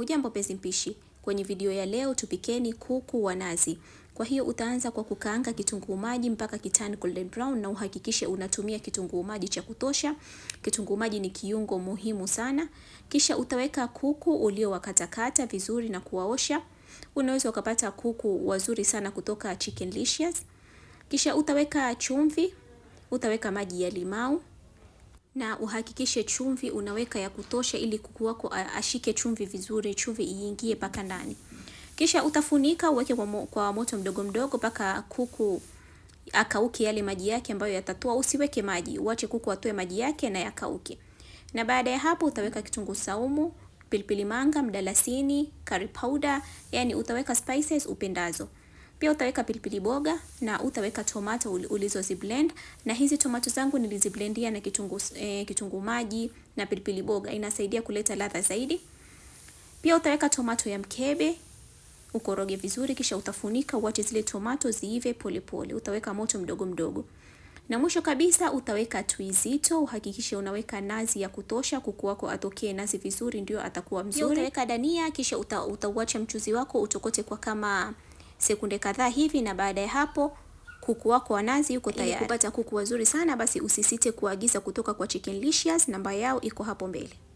Hujambo pezi mpishi, kwenye video ya leo tupikeni kuku wa nazi. Kwa hiyo utaanza kwa kukaanga kitunguu maji mpaka kitani golden brown, na uhakikishe unatumia kitunguu maji cha kutosha. Kitunguu maji ni kiungo muhimu sana. Kisha utaweka kuku uliowakatakata vizuri na kuwaosha. Unaweza ukapata kuku wazuri sana kutoka Chickenlicious. Kisha utaweka chumvi, utaweka maji ya limau na uhakikishe chumvi unaweka ya kutosha, ili kuku wako ashike chumvi vizuri, chumvi iingie mpaka ndani. Kisha utafunika uweke kwa moto mdogo mdogo mpaka kuku akauke yale maji yake ambayo yatatoa. Usiweke maji, uache kuku atoe maji yake na yakauke. Na baada ya hapo utaweka kitunguu saumu, pilipili manga, mdalasini, curry powder, yani utaweka spices upendazo. Pia utaweka pilipili boga na utaweka tomato ulizoziblend, na hizi tomato zangu niliziblendia na kitungu, eh, kitungu maji na pilipili boga, inasaidia kuleta ladha zaidi. Pia utaweka tomato ya mkebe ukoroge vizuri, kisha utafunika uache zile tomato ziive polepole. Utaweka moto mdogo mdogo, na mwisho kabisa utaweka tui zito. Uhakikishe unaweka nazi ya kutosha, kuku wako atokee nazi vizuri, ndio atakuwa mzuri. Pia utaweka dania, kisha uta, utauacha mchuzi wako utokote kwa kama sekunde kadhaa hivi, na baada ya hapo kuku wako wa nazi yuko tayari. Ili kupata kuku wazuri sana, basi usisite kuagiza kutoka kwa Licious, Namba yao iko hapo mbele.